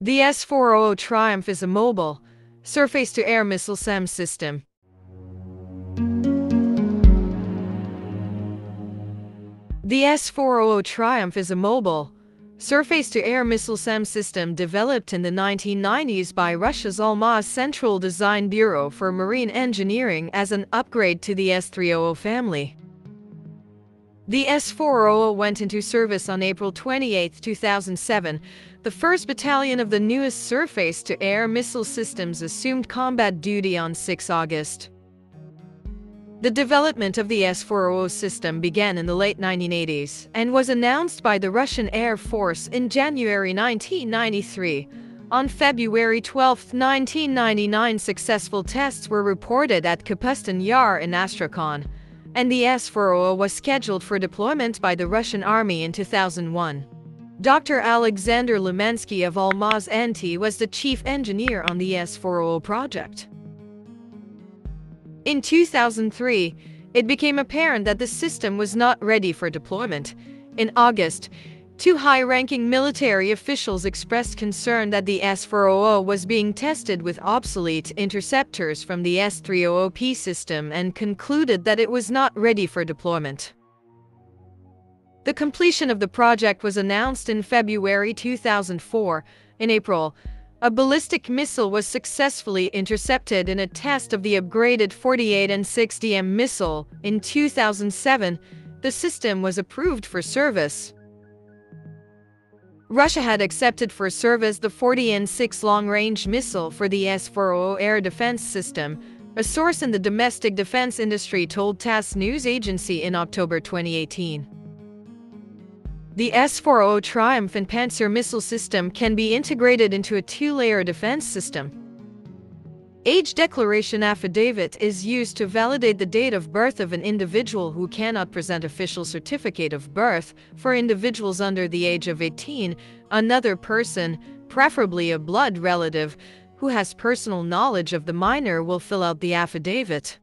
The S-400 Triumph is a mobile, surface-to-air missile SAM system. The S-400 Triumph is a mobile, surface-to-air missile SAM system developed in the 1990s by Russia's Almaz Central Design Bureau for Marine Engineering as an upgrade to the S-300 family. The S-400 went into service on April 28, 2007. The 1st Battalion of the newest surface-to-air missile systems assumed combat duty on 6 August. The development of the S-400 system began in the late 1980s and was announced by the Russian Air Force in January 1993. On February 12, 1999 successful tests were reported at Kapustin Yar in Astrakhan and the S-400 was scheduled for deployment by the Russian army in 2001. Dr. Alexander Lumensky of Almaz NT was the chief engineer on the S-400 project. In 2003, it became apparent that the system was not ready for deployment. In August, Two high-ranking military officials expressed concern that the S-400 was being tested with obsolete interceptors from the S-300P system and concluded that it was not ready for deployment. The completion of the project was announced in February 2004. In April, a ballistic missile was successfully intercepted in a test of the upgraded 48 and 6DM missile. In 2007, the system was approved for service. Russia had accepted for service the 40N-6 long-range missile for the S-40 air defense system, a source in the domestic defense industry told TASS news agency in October 2018. The S-40 Triumph and Panzer missile system can be integrated into a two-layer defense system, Age declaration affidavit is used to validate the date of birth of an individual who cannot present official certificate of birth for individuals under the age of 18, another person, preferably a blood relative, who has personal knowledge of the minor will fill out the affidavit.